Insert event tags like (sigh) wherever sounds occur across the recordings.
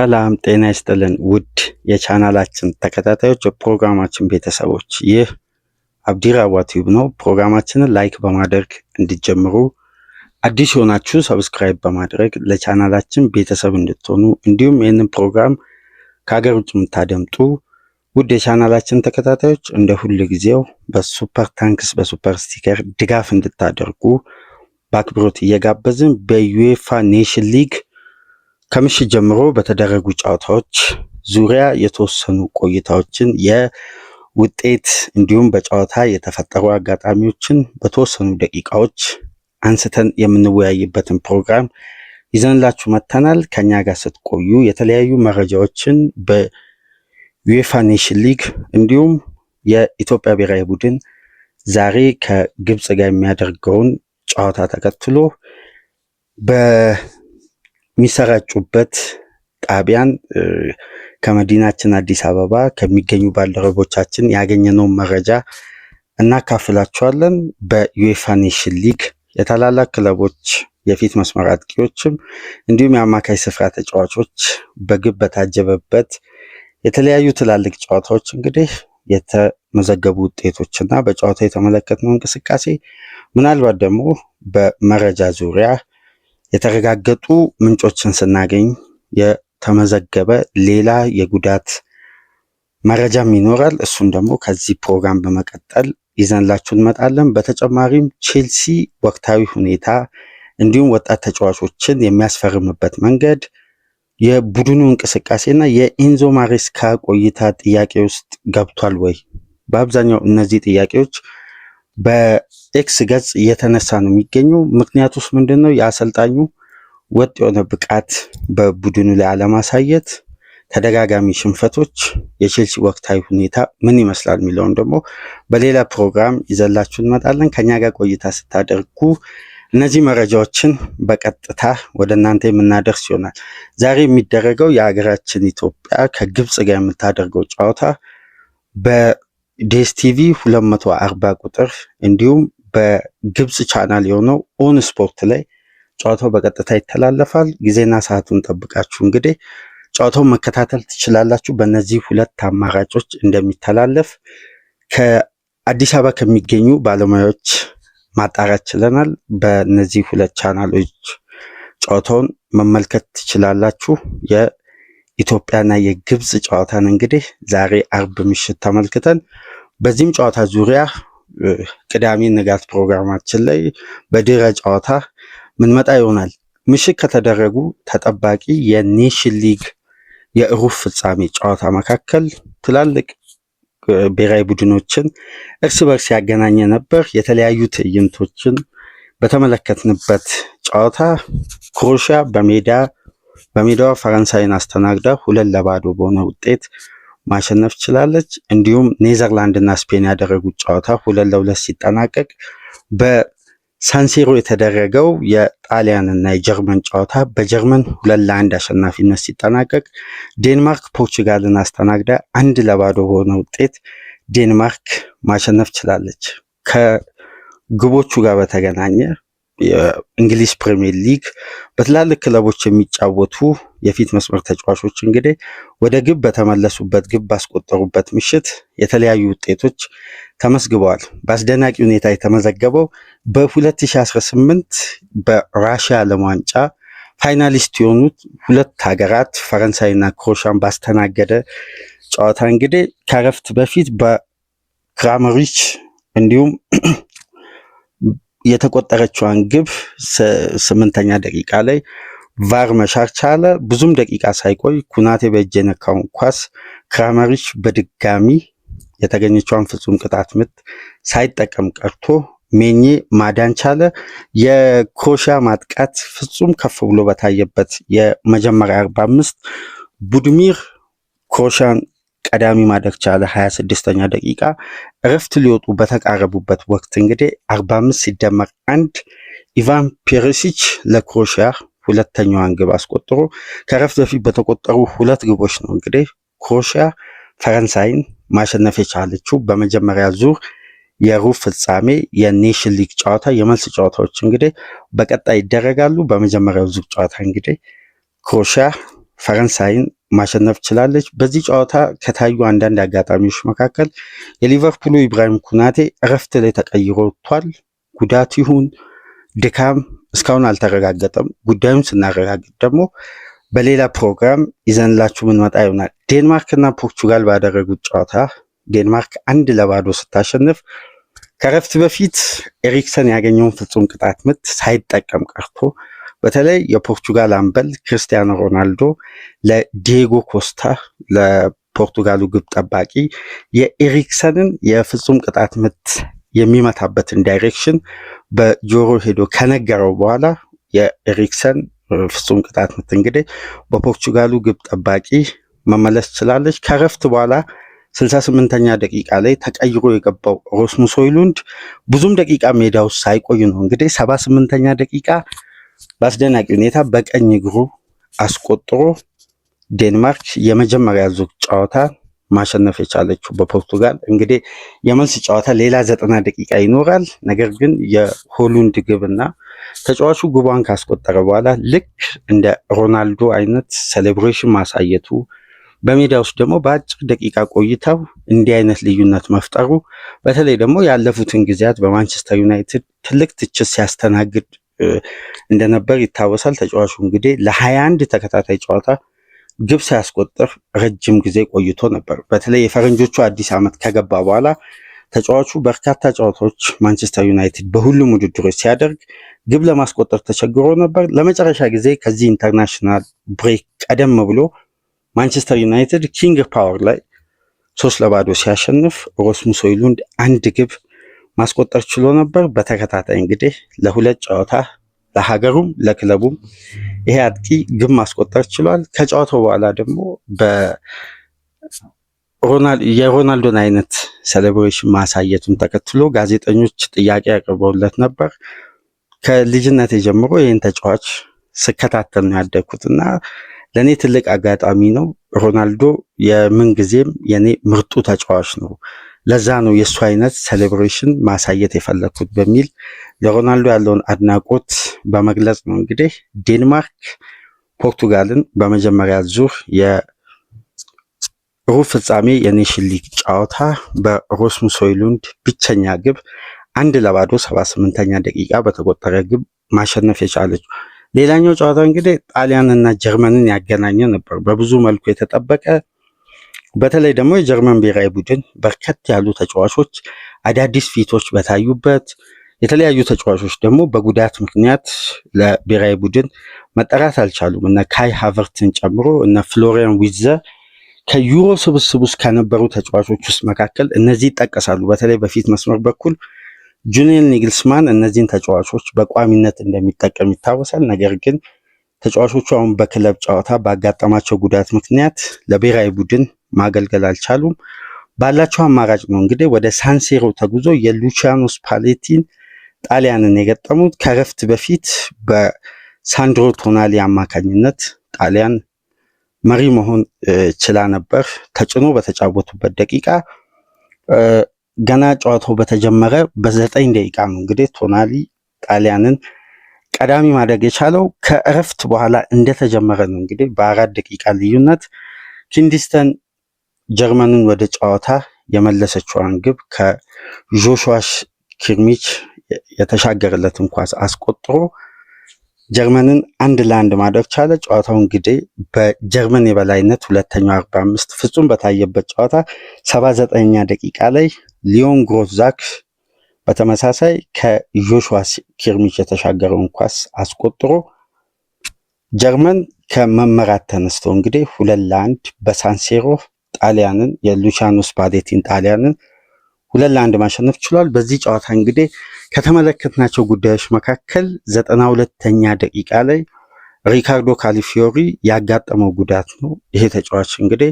ሰላም ጤና ይስጥልን ውድ የቻናላችን ተከታታዮች የፕሮግራማችን ቤተሰቦች፣ ይህ አብዲራዋ ቲዩብ ነው። ፕሮግራማችንን ላይክ በማድረግ እንዲጀምሩ፣ አዲስ የሆናችሁ ሰብስክራይብ በማድረግ ለቻናላችን ቤተሰብ እንድትሆኑ እንዲሁም ይህንን ፕሮግራም ከሀገር ውጭ የምታደምጡ ውድ የቻናላችን ተከታታዮች እንደ ሁል ጊዜው በሱፐር ታንክስ በሱፐር ስቲከር ድጋፍ እንድታደርጉ በአክብሮት እየጋበዝን በዩኤፋ ኔሽን ሊግ ከምሽት ጀምሮ በተደረጉ ጨዋታዎች ዙሪያ የተወሰኑ ቆይታዎችን የውጤት እንዲሁም በጨዋታ የተፈጠሩ አጋጣሚዎችን በተወሰኑ ደቂቃዎች አንስተን የምንወያይበትን ፕሮግራም ይዘንላችሁ መጥተናል። ከኛ ጋር ስትቆዩ የተለያዩ መረጃዎችን በዩኤፋ ኔሽን ሊግ እንዲሁም የኢትዮጵያ ብሔራዊ ቡድን ዛሬ ከግብፅ ጋር የሚያደርገውን ጨዋታ ተከትሎ የሚሰራጩበት ጣቢያን ከመዲናችን አዲስ አበባ ከሚገኙ ባልደረቦቻችን ያገኘነውን መረጃ እናካፍላችኋለን። በዩኤፋ ኔሽን ሊግ የታላላቅ ክለቦች የፊት መስመር አጥቂዎችም እንዲሁም የአማካይ ስፍራ ተጫዋቾች በግብ በታጀበበት የተለያዩ ትላልቅ ጨዋታዎች እንግዲህ የተመዘገቡ ውጤቶችና በጨዋታ የተመለከትነው እንቅስቃሴ ምናልባት ደግሞ በመረጃ ዙሪያ የተረጋገጡ ምንጮችን ስናገኝ የተመዘገበ ሌላ የጉዳት መረጃም ይኖራል። እሱን ደግሞ ከዚህ ፕሮግራም በመቀጠል ይዘንላችሁ እንመጣለን። በተጨማሪም ቼልሲ ወቅታዊ ሁኔታ እንዲሁም ወጣት ተጫዋቾችን የሚያስፈርምበት መንገድ፣ የቡድኑ እንቅስቃሴና የኢንዞ ማሬስካ ቆይታ ጥያቄ ውስጥ ገብቷል ወይ? በአብዛኛው እነዚህ ጥያቄዎች በኤክስ ገጽ እየተነሳ ነው የሚገኘው። ምክንያቱስ ምንድን ነው? የአሰልጣኙ ወጥ የሆነ ብቃት በቡድኑ ላይ አለማሳየት፣ ተደጋጋሚ ሽንፈቶች፣ የቼልሲ ወቅታዊ ሁኔታ ምን ይመስላል የሚለውን ደግሞ በሌላ ፕሮግራም ይዘላችሁ እንመጣለን። ከኛ ጋር ቆይታ ስታደርጉ እነዚህ መረጃዎችን በቀጥታ ወደ እናንተ የምናደርስ ይሆናል። ዛሬ የሚደረገው የሀገራችን ኢትዮጵያ ከግብፅ ጋር የምታደርገው ጨዋታ ዴስቲቪ 240 ቁጥር እንዲሁም በግብጽ ቻናል የሆነው ኦን ስፖርት ላይ ጨዋታው በቀጥታ ይተላለፋል። ጊዜና ሰዓቱን ጠብቃችሁ እንግዲህ ጨዋታውን መከታተል ትችላላችሁ። በእነዚህ ሁለት አማራጮች እንደሚተላለፍ ከአዲስ አበባ ከሚገኙ ባለሙያዎች ማጣራት ችለናል። በእነዚህ ሁለት ቻናሎች ጨዋታውን መመልከት ትችላላችሁ። የኢትዮጵያና የግብጽ ጨዋታን እንግዲህ ዛሬ አርብ ምሽት ተመልክተን በዚህም ጨዋታ ዙሪያ ቅዳሜ ንጋት ፕሮግራማችን ላይ በድረ ጨዋታ ምንመጣ ይሆናል። ምሽት ከተደረጉ ተጠባቂ የኔሽን ሊግ የሩብ ፍጻሜ ጨዋታ መካከል ትላልቅ ብሔራዊ ቡድኖችን እርስ በርስ ያገናኘ ነበር። የተለያዩ ትዕይንቶችን በተመለከትንበት ጨዋታ ክሮሽያ በሜዳ በሜዳዋ ፈረንሳይን አስተናግዳ ሁለት ለባዶ በሆነ ውጤት ማሸነፍ ችላለች። እንዲሁም ኔዘርላንድ እና ስፔን ያደረጉት ጨዋታ ሁለት ለሁለት ሲጠናቀቅ በሳንሲሮ የተደረገው የጣሊያንና የጀርመን ጨዋታ በጀርመን ሁለት ለአንድ አሸናፊነት ሲጠናቀቅ ዴንማርክ ፖርቹጋልን አስተናግዳ አንድ ለባዶ በሆነ ውጤት ዴንማርክ ማሸነፍ ችላለች። ከግቦቹ ጋር በተገናኘ የእንግሊዝ ፕሪሚየር ሊግ በትላልቅ ክለቦች የሚጫወቱ የፊት መስመር ተጫዋቾች እንግዲህ ወደ ግብ በተመለሱበት ግብ ባስቆጠሩበት ምሽት የተለያዩ ውጤቶች ተመዝግበዋል። በአስደናቂ ሁኔታ የተመዘገበው በ2018 በራሽያ ዓለም ዋንጫ ፋይናሊስት የሆኑት ሁለት ሀገራት ፈረንሳይና ክሮሻን ባስተናገደ ጨዋታ እንግዲህ ከረፍት በፊት በክራመሪች እንዲሁም (clears throat) የተቆጠረችዋን ግብ ስምንተኛ ደቂቃ ላይ ቫር መሻር ቻለ። ብዙም ደቂቃ ሳይቆይ ኩናቴ በእጅ የነካውን ኳስ ክራመሪች በድጋሚ የተገኘችዋን ፍጹም ቅጣት ምት ሳይጠቀም ቀርቶ ሜኜ ማዳን ቻለ። የክሮሺያ ማጥቃት ፍጹም ከፍ ብሎ በታየበት የመጀመሪያ 45 ቡድሚር ክሮሺያን ቀዳሚ ማድረግ ቻለ። ሀያ ስድስተኛ ደቂቃ እረፍት ሊወጡ በተቃረቡበት ወቅት እንግዲህ አርባ አምስት ሲደመር አንድ ኢቫን ፔሪሲች ለክሮሽያ ሁለተኛዋን ግብ አስቆጥሮ ከእረፍት በፊት በተቆጠሩ ሁለት ግቦች ነው እንግዲህ ክሮሽያ ፈረንሳይን ማሸነፍ የቻለችው። በመጀመሪያ ዙር የሩብ ፍጻሜ የኔሽን ሊግ ጨዋታ የመልስ ጨዋታዎች እንግዲህ በቀጣይ ይደረጋሉ። በመጀመሪያው ዙር ጨዋታ እንግዲህ ክሮሽያ ፈረንሳይን ማሸነፍ ችላለች። በዚህ ጨዋታ ከታዩ አንዳንድ አጋጣሚዎች መካከል የሊቨርፑሉ ኢብራሂም ኩናቴ እረፍት ላይ ተቀይሮ ወጥቷል። ጉዳት ይሁን ድካም እስካሁን አልተረጋገጠም። ጉዳዩን ስናረጋግጥ ደግሞ በሌላ ፕሮግራም ይዘንላችሁ ምንመጣ ይሆናል። ዴንማርክ እና ፖርቹጋል ባደረጉት ጨዋታ ዴንማርክ አንድ ለባዶ ስታሸንፍ ከእረፍት በፊት ኤሪክሰን ያገኘውን ፍጹም ቅጣት ምት ሳይጠቀም ቀርቶ በተለይ የፖርቱጋል አምበል ክርስቲያኖ ሮናልዶ ለዲየጎ ኮስታ ለፖርቱጋሉ ግብ ጠባቂ የኤሪክሰንን የፍጹም ቅጣት ምት የሚመታበትን ዳይሬክሽን በጆሮ ሄዶ ከነገረው በኋላ የኤሪክሰን ፍጹም ቅጣት ምት እንግዲህ በፖርቹጋሉ ግብ ጠባቂ መመለስ ችላለች። ከረፍት በኋላ 68ኛ ደቂቃ ላይ ተቀይሮ የገባው ሮስሙስ ሆይሉንድ ብዙም ደቂቃ ሜዳ ውስጥ ሳይቆይ ነው እንግዲህ 78ኛ ደቂቃ በአስደናቂ ሁኔታ በቀኝ እግሩ አስቆጥሮ ዴንማርክ የመጀመሪያ ዙር ጨዋታ ማሸነፍ የቻለችው በፖርቱጋል እንግዲህ የመልስ ጨዋታ ሌላ ዘጠና ደቂቃ ይኖራል። ነገር ግን የሆሉንድ ግብና ተጫዋቹ ግቧን ካስቆጠረ በኋላ ልክ እንደ ሮናልዶ አይነት ሴሌብሬሽን ማሳየቱ በሜዳ ውስጥ ደግሞ በአጭር ደቂቃ ቆይተው እንዲህ አይነት ልዩነት መፍጠሩ በተለይ ደግሞ ያለፉትን ጊዜያት በማንቸስተር ዩናይትድ ትልቅ ትችት ሲያስተናግድ እንደነበር ይታወሳል። ተጫዋቹ እንግዲህ ለ አንድ ተከታታይ ጨዋታ ግብ ሳያስቆጥር ረጅም ጊዜ ቆይቶ ነበር። በተለይ የፈረንጆቹ አዲስ ዓመት ከገባ በኋላ ተጫዋቹ በርካታ ጨዋታዎች ማንቸስተር ዩናይትድ በሁሉም ውድድሮች ሲያደርግ ግብ ለማስቆጠር ተቸግሮ ነበር። ለመጨረሻ ጊዜ ከዚህ ኢንተርናሽናል ብሬክ ቀደም ብሎ ማንቸስተር ዩናይትድ ኪንግ ፓወር ላይ ሶስት ለባዶ ሲያሸንፍ ሮስሙስ ሆይሉንድ አንድ ግብ ማስቆጠር ችሎ ነበር። በተከታታይ እንግዲህ ለሁለት ጨዋታ ለሀገሩም ለክለቡም ይሄ አጥቂ ግብ ማስቆጠር ችሏል። ከጨዋታው በኋላ ደግሞ የሮናልዶን አይነት ሴሌብሬሽን ማሳየቱን ተከትሎ ጋዜጠኞች ጥያቄ አቅርበውለት ነበር። ከልጅነት ጀምሮ ይህን ተጫዋች ስከታተል ነው ያደግኩት እና ለእኔ ትልቅ አጋጣሚ ነው። ሮናልዶ የምንጊዜም የኔ ምርጡ ተጫዋች ነው። ለዛ ነው የእሱ አይነት ሴሌብሬሽን ማሳየት የፈለግኩት በሚል ለሮናልዶ ያለውን አድናቆት በመግለጽ ነው። እንግዲህ ዴንማርክ ፖርቱጋልን በመጀመሪያ ዙር የሩብ ፍጻሜ የኔሽን ሊግ ጨዋታ በሮስሙስ ሆይሉንድ ብቸኛ ግብ አንድ ለባዶ ሰባ ስምንተኛ ደቂቃ በተቆጠረ ግብ ማሸነፍ የቻለች። ሌላኛው ጨዋታ እንግዲህ ጣሊያንና ጀርመንን ያገናኘ ነበር። በብዙ መልኩ የተጠበቀ በተለይ ደግሞ የጀርመን ብሔራዊ ቡድን በርከት ያሉ ተጫዋቾች አዳዲስ ፊቶች በታዩበት የተለያዩ ተጫዋቾች ደግሞ በጉዳት ምክንያት ለብሔራዊ ቡድን መጠራት አልቻሉም። እነ ካይ ሃቨርትን ጨምሮ እነ ፍሎሪያን ዊዘ ከዩሮ ስብስብ ውስጥ ከነበሩ ተጫዋቾች ውስጥ መካከል እነዚህ ይጠቀሳሉ። በተለይ በፊት መስመር በኩል ጁኒየን ኒግልስማን እነዚህን ተጫዋቾች በቋሚነት እንደሚጠቀም ይታወሳል። ነገር ግን ተጫዋቾቹ አሁን በክለብ ጨዋታ ባጋጠማቸው ጉዳት ምክንያት ለብሔራዊ ቡድን ማገልገል አልቻሉም። ባላቸው አማራጭ ነው እንግዲህ ወደ ሳንሴሮ ተጉዞ የሉቺያኖ ስፓሌቲን ጣሊያንን የገጠሙት ከረፍት በፊት በሳንድሮ ቶናሊ አማካኝነት ጣሊያን መሪ መሆን ችላ ነበር። ተጭኖ በተጫወቱበት ደቂቃ ገና ጨዋታው በተጀመረ በዘጠኝ ደቂቃ ነው እንግዲህ ቶናሊ ጣሊያንን ቀዳሚ ማድረግ የቻለው ከእረፍት በኋላ እንደተጀመረ ነው። እንግዲህ በአራት ደቂቃ ልዩነት ኪንዲስተን ጀርመንን ወደ ጨዋታ የመለሰችዋን ግብ ከዦሹዋ ኪርሚች የተሻገረለትን ኳስ አስቆጥሮ ጀርመንን አንድ ለአንድ ማድረግ ቻለ። ጨዋታው እንግዲህ በጀርመን የበላይነት ሁለተኛው አርባ አምስት ፍጹም በታየበት ጨዋታ ሰባ ኛ ደቂቃ ላይ ሊዮን ግሮዛክ በተመሳሳይ ከጆሹዋ ኪርሚች የተሻገረውን ኳስ አስቆጥሮ ጀርመን ከመመራት ተነስቶ እንግዲህ ሁለት ለአንድ በሳንሴሮ ጣሊያንን የሉቻኖ ስፓሌቲን ጣሊያንን ሁለት ለአንድ ማሸነፍ ችሏል። በዚህ ጨዋታ እንግዲህ ከተመለከትናቸው ጉዳዮች መካከል ዘጠና ሁለተኛ ደቂቃ ላይ ሪካርዶ ካሊፊዮሪ ያጋጠመው ጉዳት ነው። ይሄ ተጫዋች እንግዲህ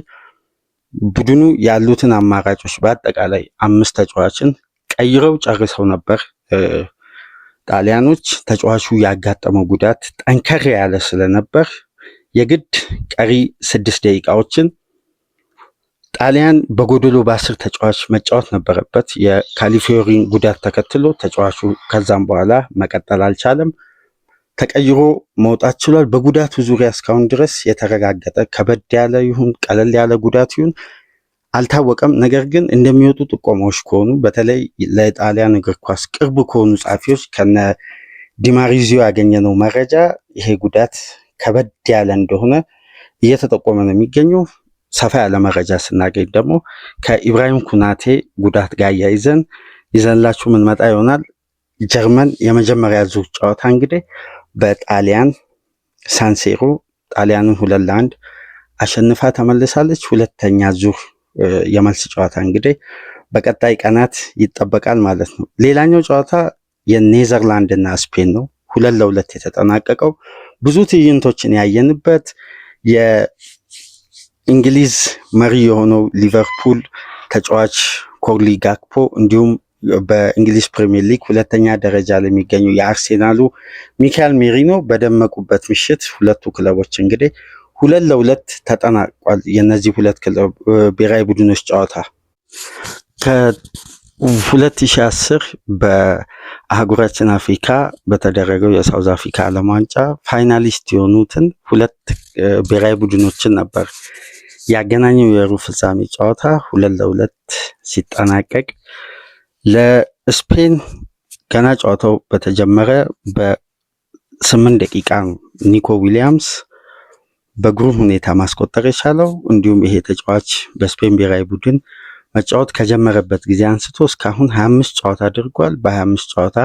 ቡድኑ ያሉትን አማራጮች በአጠቃላይ አምስት ተጫዋችን ቀይረው ጨርሰው ነበር ጣሊያኖች። ተጫዋቹ ያጋጠመው ጉዳት ጠንከር ያለ ስለነበር የግድ ቀሪ ስድስት ደቂቃዎችን ጣሊያን በጎደሎ በአስር ተጫዋች መጫወት ነበረበት። የካሊፊዮሪን ጉዳት ተከትሎ ተጫዋቹ ከዛም በኋላ መቀጠል አልቻለም፣ ተቀይሮ መውጣት ችሏል። በጉዳቱ ዙሪያ እስካሁን ድረስ የተረጋገጠ ከበድ ያለ ይሁን ቀለል ያለ ጉዳት ይሁን አልታወቀም። ነገር ግን እንደሚወጡ ጥቆማዎች ከሆኑ በተለይ ለጣሊያን እግር ኳስ ቅርብ ከሆኑ ጸሐፊዎች ከነ ዲማሪዚዮ ያገኘነው መረጃ ይሄ ጉዳት ከበድ ያለ እንደሆነ እየተጠቆመ ነው የሚገኘው። ሰፋ ያለ መረጃ ስናገኝ ደግሞ ከኢብራሂም ኩናቴ ጉዳት ጋር ያይዘን ይዘንላችሁ ምንመጣ ይሆናል። ጀርመን የመጀመሪያ ዙር ጨዋታ እንግዲህ በጣሊያን ሳንሴሮ ጣሊያንን ሁለት ለአንድ አሸንፋ ተመልሳለች። ሁለተኛ ዙር የመልስ ጨዋታ እንግዲህ በቀጣይ ቀናት ይጠበቃል ማለት ነው። ሌላኛው ጨዋታ የኔዘርላንድ እና ስፔን ነው፣ ሁለት ለሁለት የተጠናቀቀው ብዙ ትዕይንቶችን ያየንበት እንግሊዝ መሪ የሆነው ሊቨርፑል ተጫዋች ኮርሊ ጋክፖ እንዲሁም በእንግሊዝ ፕሪሚየር ሊግ ሁለተኛ ደረጃ ላይ የሚገኙ የአርሴናሉ ሚካኤል ሜሪኖ በደመቁበት ምሽት ሁለቱ ክለቦች እንግዲህ ሁለት ለሁለት ተጠናቋል። የነዚህ ሁለት ብሔራዊ ቡድኖች ጨዋታ 2010 በአህጉራችን አፍሪካ በተደረገው የሳውዝ አፍሪካ ዓለም ዋንጫ ፋይናሊስት የሆኑትን ሁለት ብሔራዊ ቡድኖችን ነበር ያገናኘው የሩብ ፍጻሜ ጨዋታ ሁለት ለሁለት ሲጠናቀቅ ለስፔን ገና ጨዋታው በተጀመረ በስምንት ደቂቃ ነው ኒኮ ዊሊያምስ በግሩም ሁኔታ ማስቆጠር የቻለው። እንዲሁም ይሄ ተጫዋች በስፔን ብሔራዊ ቡድን መጫወት ከጀመረበት ጊዜ አንስቶ እስካሁን 25 ጨዋታ አድርጓል። በ25 ጨዋታ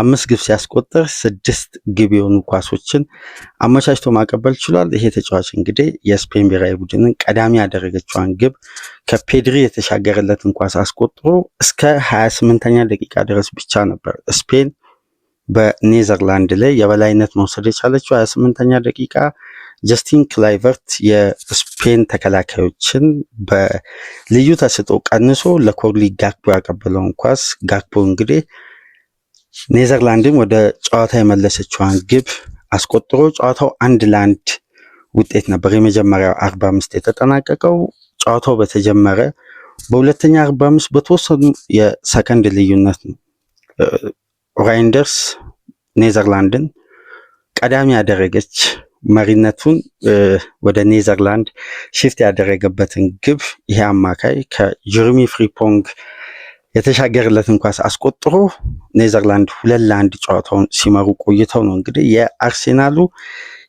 አምስት ግብ ሲያስቆጥር ስድስት ግብ የሆኑ ኳሶችን አመቻችቶ ማቀበል ችሏል። ይሄ ተጫዋች እንግዲህ የስፔን ብሔራዊ ቡድንን ቀዳሚ ያደረገችዋን ግብ ከፔድሪ የተሻገረለትን ኳስ አስቆጥሮ እስከ 28ኛ ደቂቃ ድረስ ብቻ ነበር ስፔን በኔዘርላንድ ላይ የበላይነት መውሰድ የቻለችው 28ኛ ደቂቃ ጀስቲን ክላይቨርት የስፔን ተከላካዮችን በልዩ ተስጦ ቀንሶ ለኮርሊ ጋክቦ ያቀበለውን ኳስ ጋክቦ እንግዲህ ኔዘርላንድን ወደ ጨዋታ የመለሰችዋን ግብ አስቆጥሮ ጨዋታው አንድ ለአንድ ውጤት ነበር የመጀመሪያው አርባ አምስት የተጠናቀቀው። ጨዋታው በተጀመረ በሁለተኛ አርባ አምስት በተወሰኑ የሰከንድ ልዩነት ነው ራይንደርስ ኔዘርላንድን ቀዳሚ ያደረገች መሪነቱን ወደ ኔዘርላንድ ሽፍት ያደረገበትን ግብ ይሄ አማካይ ከጀርሚ ፍሪፖንግ የተሻገረለትን ኳስ አስቆጥሮ ኔዘርላንድ ሁለት ለአንድ ጨዋታውን ሲመሩ ቆይተው ነው እንግዲህ የአርሴናሉ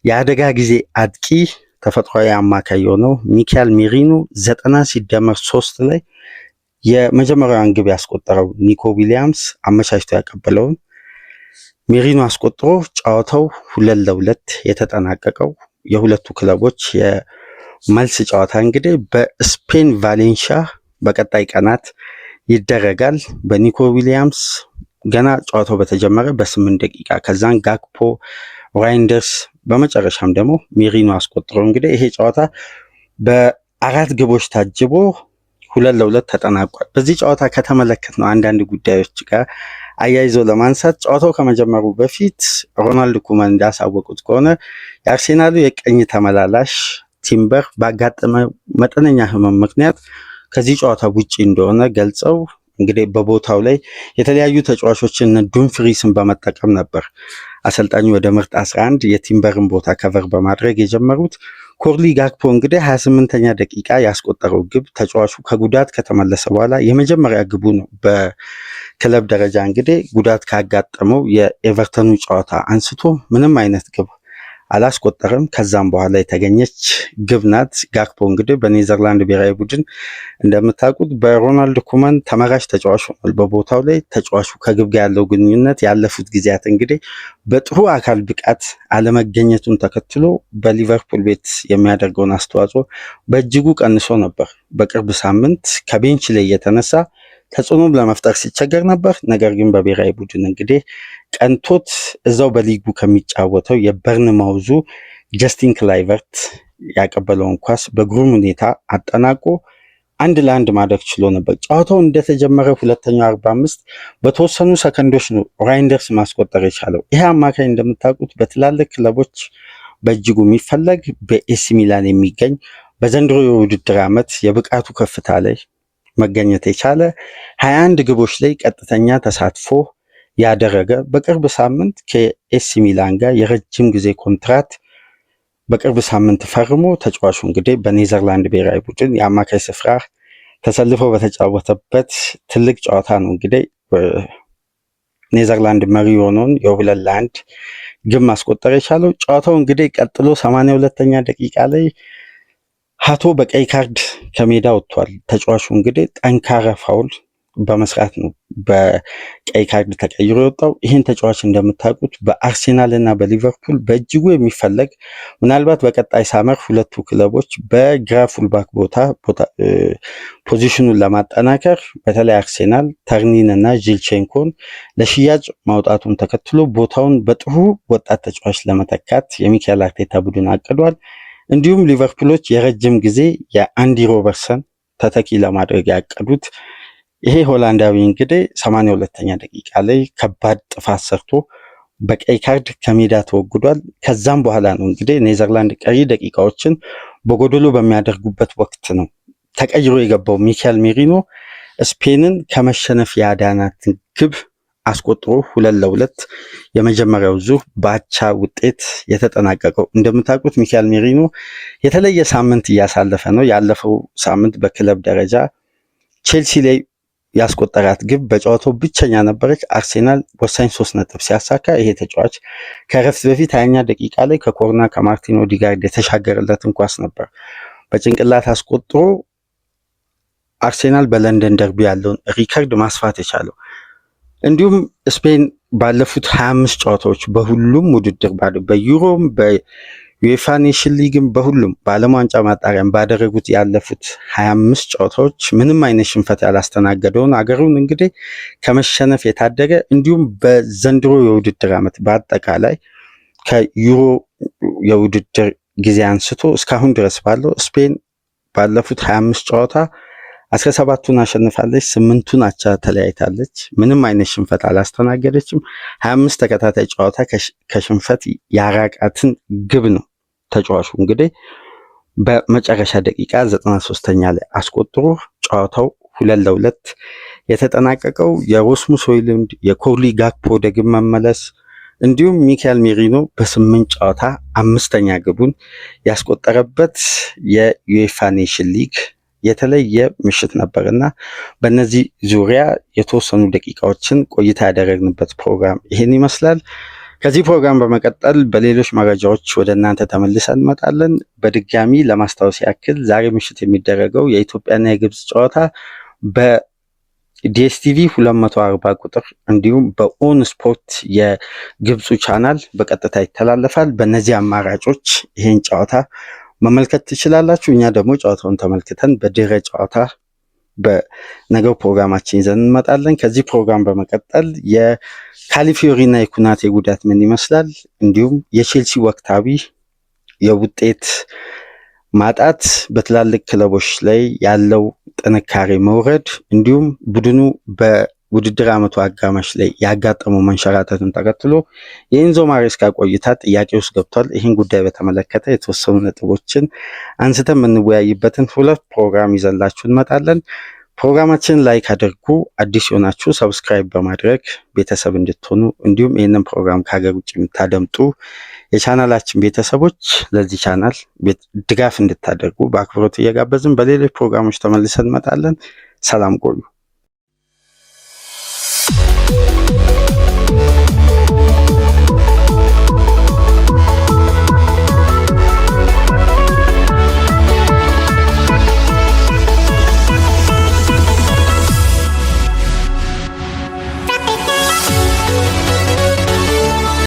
የአደጋ ጊዜ አጥቂ ተፈጥሯዊ አማካይ የሆነው ሚካኤል ሜሪኖ ዘጠና ሲደመር ሶስት ላይ የመጀመሪያዋን ግብ ያስቆጠረው ኒኮ ዊሊያምስ አመቻችቶ ያቀበለውን ሜሪኖ አስቆጥሮ ጨዋታው ሁለት ለሁለት የተጠናቀቀው የሁለቱ ክለቦች የመልስ ጨዋታ እንግዲህ በስፔን ቫሌንሻ በቀጣይ ቀናት ይደረጋል። በኒኮ ዊሊያምስ ገና ጨዋታው በተጀመረ በስምንት ደቂቃ ከዛን ጋክፖ ራይንደርስ በመጨረሻም ደግሞ ሜሪኖ አስቆጥሮ እንግዲህ ይሄ ጨዋታ በአራት ግቦች ታጅቦ ሁለት ለሁለት ተጠናቋል። በዚህ ጨዋታ ከተመለከት ነው አንዳንድ ጉዳዮች ጋር አያይዞ ለማንሳት ጨዋታው ከመጀመሩ በፊት ሮናልድ ኩመን እንዳሳወቁት ከሆነ የአርሴናሉ የቀኝ ተመላላሽ ቲምበር ባጋጠመ መጠነኛ ህመም ምክንያት ከዚህ ጨዋታ ውጪ እንደሆነ ገልጸው እንግዲህ በቦታው ላይ የተለያዩ ተጫዋቾችን ዱንፍሪስን በመጠቀም ነበር አሰልጣኙ ወደ ምርጥ 11 የቲምበርን ቦታ ከቨር በማድረግ የጀመሩት። ኮርሊ ጋክፖ እንግዲህ 28ኛ ደቂቃ ያስቆጠረው ግብ ተጫዋቹ ከጉዳት ከተመለሰ በኋላ የመጀመሪያ ግቡ ነው። በክለብ ደረጃ እንግዲህ ጉዳት ካጋጠመው የኤቨርተኑ ጨዋታ አንስቶ ምንም አይነት ግብ አላስቆጠረም። ከዛም በኋላ የተገኘች ግብ ናት። ጋክፖ እንግዲህ በኔዘርላንድ ብሔራዊ ቡድን እንደምታውቁት በሮናልድ ኩመን ተመራጭ ተጫዋች ሆኗል። በቦታው ላይ ተጫዋቹ ከግብ ጋር ያለው ግንኙነት ያለፉት ጊዜያት እንግዲህ በጥሩ አካል ብቃት አለመገኘቱን ተከትሎ በሊቨርፑል ቤት የሚያደርገውን አስተዋጽኦ በእጅጉ ቀንሶ ነበር። በቅርብ ሳምንት ከቤንች ላይ የተነሳ ተጽዕኖም ለመፍጠር ሲቸገር ነበር። ነገር ግን በብሔራዊ ቡድን እንግዲህ ቀንቶት እዛው በሊጉ ከሚጫወተው የበርን ማውዙ ጀስቲን ክላይቨርት ያቀበለውን ኳስ በግሩም ሁኔታ አጠናቆ አንድ ለአንድ ማድረግ ችሎ ነበር። ጨዋታው እንደተጀመረ ሁለተኛው አርባ አምስት በተወሰኑ ሰከንዶች ነው ራይንደርስ ማስቆጠር የቻለው። ይህ አማካኝ እንደምታውቁት በትላልቅ ክለቦች በእጅጉ የሚፈለግ በኤሲ ሚላን የሚገኝ በዘንድሮ የውድድር ዓመት የብቃቱ ከፍታ ላይ መገኘት የቻለ 21 ግቦች ላይ ቀጥተኛ ተሳትፎ ያደረገ በቅርብ ሳምንት ከኤሲ ሚላን ጋር የረጅም ጊዜ ኮንትራት በቅርብ ሳምንት ፈርሞ ተጫዋቹ እንግዲህ በኔዘርላንድ ብሔራዊ ቡድን የአማካይ ስፍራ ተሰልፎ በተጫወተበት ትልቅ ጨዋታ ነው እንግዲህ ኔዘርላንድ መሪ የሆነውን የሁለት ለአንድ ግብ ማስቆጠር የቻለው ጨዋታው እንግዲህ ቀጥሎ 82 ሁለተኛ ደቂቃ ላይ ሀቶ በቀይ ካርድ ከሜዳ ወጥቷል። ተጫዋቹ እንግዲህ ጠንካራ ፋውል በመስራት ነው በቀይ ካርድ ተቀይሮ የወጣው። ይህን ተጫዋች እንደምታውቁት በአርሴናል እና በሊቨርፑል በእጅጉ የሚፈለግ ምናልባት በቀጣይ ሳመር ሁለቱ ክለቦች በግራ ፉልባክ ቦታ ፖዚሽኑን ለማጠናከር በተለይ አርሴናል ተርኒን እና ዥልቼንኮን ለሽያጭ ማውጣቱን ተከትሎ ቦታውን በጥሩ ወጣት ተጫዋች ለመተካት የሚካኤል አርቴታ ቡድን አቅዷል። እንዲሁም ሊቨርፑሎች የረጅም ጊዜ የአንዲ ሮበርሰን ተተኪ ለማድረግ ያቀዱት ይሄ ሆላንዳዊ እንግዲህ ሰማንያ ሁለተኛ ደቂቃ ላይ ከባድ ጥፋት ሰርቶ በቀይ ካርድ ከሜዳ ተወግዷል። ከዛም በኋላ ነው እንግዲህ ኔዘርላንድ ቀሪ ደቂቃዎችን በጎደሎ በሚያደርጉበት ወቅት ነው ተቀይሮ የገባው ሚካኤል ሜሪኖ ስፔንን ከመሸነፍ ያዳናትን ግብ አስቆጥሮ ሁለት ለሁለት የመጀመሪያው ዙር በአቻ ውጤት የተጠናቀቀው። እንደምታውቁት ሚካኤል ሜሪኖ የተለየ ሳምንት እያሳለፈ ነው። ያለፈው ሳምንት በክለብ ደረጃ ቼልሲ ላይ ያስቆጠራት ግብ በጨዋታው ብቸኛ ነበረች። አርሴናል ወሳኝ ሶስት ነጥብ ሲያሳካ ይሄ ተጫዋች ከረፍት በፊት ሀያኛ ደቂቃ ላይ ከኮርና ከማርቲን ኦዲጋርድ የተሻገረለትን ኳስ ነበር በጭንቅላት አስቆጥሮ አርሴናል በለንደን ደርቢ ያለውን ሪከርድ ማስፋት የቻለው እንዲሁም ስፔን ባለፉት ሀያ አምስት ጨዋታዎች በሁሉም ውድድር በዩሮም በዩኤፋ ኔሽን ሊግም በሁሉም በዓለም ዋንጫ ማጣሪያም ባደረጉት ያለፉት ሀያ አምስት ጨዋታዎች ምንም አይነት ሽንፈት ያላስተናገደውን አገሩን እንግዲህ ከመሸነፍ የታደገ እንዲሁም በዘንድሮ የውድድር ዓመት በአጠቃላይ ከዩሮ የውድድር ጊዜ አንስቶ እስካሁን ድረስ ባለው ስፔን ባለፉት ሀያ አምስት ጨዋታ አስራ ሰባቱን አሸንፋለች፣ ስምንቱን አቻ ተለያይታለች፣ ምንም አይነት ሽንፈት አላስተናገደችም። ሀያ አምስት ተከታታይ ጨዋታ ከሽንፈት ያራቃትን ግብ ነው ተጫዋቹ እንግዲህ በመጨረሻ ደቂቃ ዘጠና ሶስተኛ ላይ አስቆጥሮ ጨዋታው ሁለት ለሁለት የተጠናቀቀው የሮስሙስ ሆይሉንድ የኮሊ ጋክፖ ዳግም መመለስ እንዲሁም ሚካኤል ሜሪኖ በስምንት ጨዋታ አምስተኛ ግቡን ያስቆጠረበት የዩኤፋ ኔሽን ሊግ የተለየ ምሽት ነበር እና በእነዚህ ዙሪያ የተወሰኑ ደቂቃዎችን ቆይታ ያደረግንበት ፕሮግራም ይህን ይመስላል። ከዚህ ፕሮግራም በመቀጠል በሌሎች መረጃዎች ወደ እናንተ ተመልሰን እንመጣለን። በድጋሚ ለማስታወስ ያክል ዛሬ ምሽት የሚደረገው የኢትዮጵያና የግብፅ ጨዋታ በዲኤስቲቪ 240 ቁጥር እንዲሁም በኦን ስፖርት የግብፁ ቻናል በቀጥታ ይተላለፋል። በእነዚህ አማራጮች ይህን ጨዋታ መመልከት ትችላላችሁ። እኛ ደግሞ ጨዋታውን ተመልክተን በድረ ጨዋታ በነገው ፕሮግራማችን ይዘን እንመጣለን። ከዚህ ፕሮግራም በመቀጠል የካሊፎሪና የኩናቴ ጉዳት ምን ይመስላል፣ እንዲሁም የቼልሲ ወቅታዊ የውጤት ማጣት በትላልቅ ክለቦች ላይ ያለው ጥንካሬ መውረድ እንዲሁም ቡድኑ በ ውድድር ዓመቱ አጋማሽ ላይ ያጋጠመው መንሸራተትን ተከትሎ የኢንዞ ማሬስካ ቆይታ ጥያቄ ውስጥ ገብቷል። ይህን ጉዳይ በተመለከተ የተወሰኑ ነጥቦችን አንስተን የምንወያይበትን ሁለት ፕሮግራም ይዘላችሁ እንመጣለን። ፕሮግራማችንን ላይክ አድርጉ፣ አዲስ የሆናችሁ ሰብስክራይብ በማድረግ ቤተሰብ እንድትሆኑ እንዲሁም ይህንን ፕሮግራም ከሀገር ውጭ የምታደምጡ የቻናላችን ቤተሰቦች ለዚህ ቻናል ድጋፍ እንድታደርጉ በአክብሮት እየጋበዝን በሌሎች ፕሮግራሞች ተመልሰን እንመጣለን። ሰላም ቆዩ። Bye.